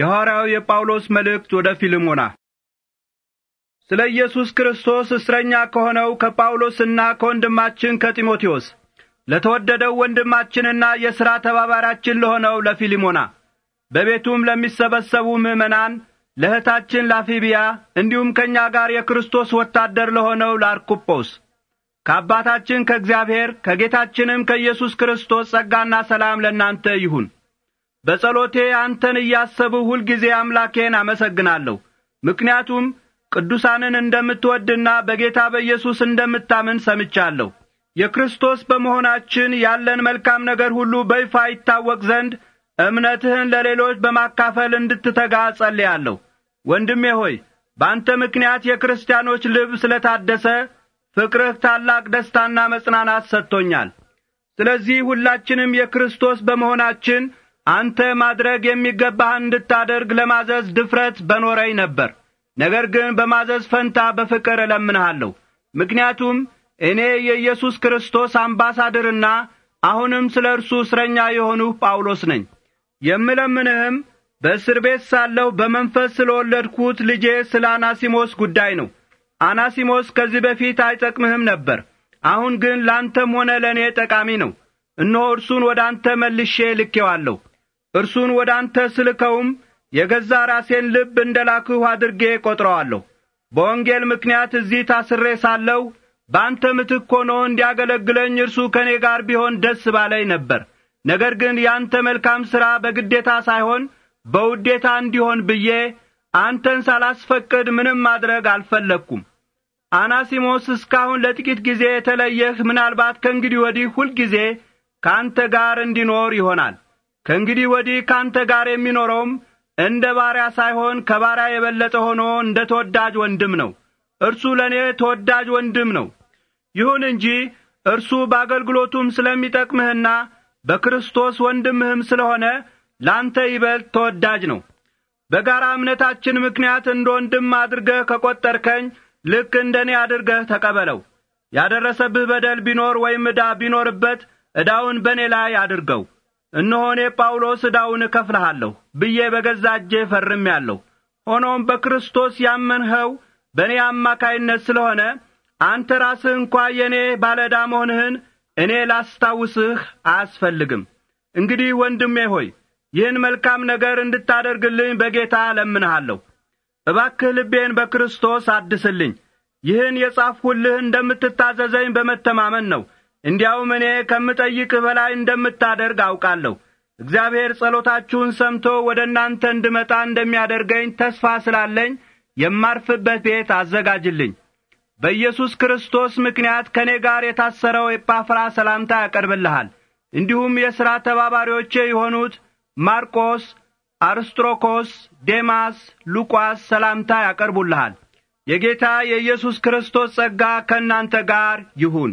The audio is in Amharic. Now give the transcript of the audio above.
የሐዋርያው የጳውሎስ መልእክት ወደ ፊልሞና። ስለ ኢየሱስ ክርስቶስ እስረኛ ከሆነው ከጳውሎስና ከወንድማችን ከጢሞቴዎስ ለተወደደው ወንድማችንና የሥራ ተባባሪያችን ለሆነው ለፊልሞና፣ በቤቱም ለሚሰበሰቡ ምዕመናን፣ ለእህታችን ላፊቢያ፣ እንዲሁም ከእኛ ጋር የክርስቶስ ወታደር ለሆነው ለአርኩጶስ ከአባታችን ከእግዚአብሔር ከጌታችንም ከኢየሱስ ክርስቶስ ጸጋና ሰላም ለእናንተ ይሁን። በጸሎቴ አንተን እያሰብሁ ሁልጊዜ አምላኬን አመሰግናለሁ። ምክንያቱም ቅዱሳንን እንደምትወድና በጌታ በኢየሱስ እንደምታምን ሰምቻለሁ። የክርስቶስ በመሆናችን ያለን መልካም ነገር ሁሉ በይፋ ይታወቅ ዘንድ እምነትህን ለሌሎች በማካፈል እንድትተጋ ጸልያለሁ። ወንድሜ ሆይ በአንተ ምክንያት የክርስቲያኖች ልብ ታደሰ ፍቅርህ ታላቅ ደስታና መጽናናት ሰጥቶኛል። ስለዚህ ሁላችንም የክርስቶስ በመሆናችን አንተ ማድረግ የሚገባህ እንድታደርግ ለማዘዝ ድፍረት በኖረኝ ነበር። ነገር ግን በማዘዝ ፈንታ በፍቅር እለምንሃለሁ። ምክንያቱም እኔ የኢየሱስ ክርስቶስ አምባሳደርና አሁንም ስለ እርሱ እስረኛ የሆንሁ ጳውሎስ ነኝ። የምለምንህም በእስር ቤት ሳለሁ በመንፈስ ስለወለድኩት ልጄ ስለ አናሲሞስ ጉዳይ ነው። አናሲሞስ ከዚህ በፊት አይጠቅምህም ነበር፣ አሁን ግን ላንተም ሆነ ለእኔ ጠቃሚ ነው። እነሆ እርሱን ወደ አንተ መልሼ ልኬዋለሁ። እርሱን ወደ አንተ ስልከውም የገዛ ራሴን ልብ እንደ ላክሁ አድርጌ ቈጥረዋለሁ። በወንጌል ምክንያት እዚህ ታስሬ ሳለሁ በአንተ ምትክ ሆኖ እንዲያገለግለኝ እርሱ ከእኔ ጋር ቢሆን ደስ ባለኝ ነበር። ነገር ግን ያንተ መልካም ሥራ በግዴታ ሳይሆን በውዴታ እንዲሆን ብዬ አንተን ሳላስፈቅድ ምንም ማድረግ አልፈለግኩም። አናሲሞስ እስካሁን ለጥቂት ጊዜ የተለየህ፣ ምናልባት ከእንግዲህ ወዲህ ሁልጊዜ ከአንተ ጋር እንዲኖር ይሆናል። ከእንግዲህ ወዲህ ካንተ ጋር የሚኖረውም እንደ ባሪያ ሳይሆን ከባሪያ የበለጠ ሆኖ እንደ ተወዳጅ ወንድም ነው። እርሱ ለእኔ ተወዳጅ ወንድም ነው። ይሁን እንጂ እርሱ በአገልግሎቱም ስለሚጠቅምህና በክርስቶስ ወንድምህም ስለሆነ ላንተ ይበልጥ ተወዳጅ ነው። በጋራ እምነታችን ምክንያት እንደ ወንድም አድርገህ ከቈጠርከኝ ልክ እንደ እኔ አድርገህ ተቀበለው። ያደረሰብህ በደል ቢኖር ወይም ዕዳ ቢኖርበት ዕዳውን በእኔ ላይ አድርገው። እነሆ እኔ ጳውሎስ ዕዳውን እከፍልሃለሁ ብዬ በገዛ እጄ ያለሁ ሆኖም በክርስቶስ ያመንኸው በእኔ አማካይነት ስለሆነ አንተ ራስህ እንኳ የእኔ ባለዳ መሆንህን እኔ ላስታውስህ አያስፈልግም። እንግዲህ ወንድሜ ሆይ ይህን መልካም ነገር እንድታደርግልኝ በጌታ እለምንሃለሁ። እባክህ ልቤን በክርስቶስ አድስልኝ። ይህን የጻፍሁልህ እንደምትታዘዘኝ በመተማመን ነው። እንዲያውም እኔ ከምጠይቅህ በላይ እንደምታደርግ አውቃለሁ። እግዚአብሔር ጸሎታችሁን ሰምቶ ወደ እናንተ እንድመጣ እንደሚያደርገኝ ተስፋ ስላለኝ የማርፍበት ቤት አዘጋጅልኝ። በኢየሱስ ክርስቶስ ምክንያት ከእኔ ጋር የታሰረው ኤጳፍራ ሰላምታ ያቀርብልሃል። እንዲሁም የሥራ ተባባሪዎቼ የሆኑት ማርቆስ፣ አርስጥሮኮስ፣ ዴማስ፣ ሉቃስ ሰላምታ ያቀርቡልሃል። የጌታ የኢየሱስ ክርስቶስ ጸጋ ከእናንተ ጋር ይሁን።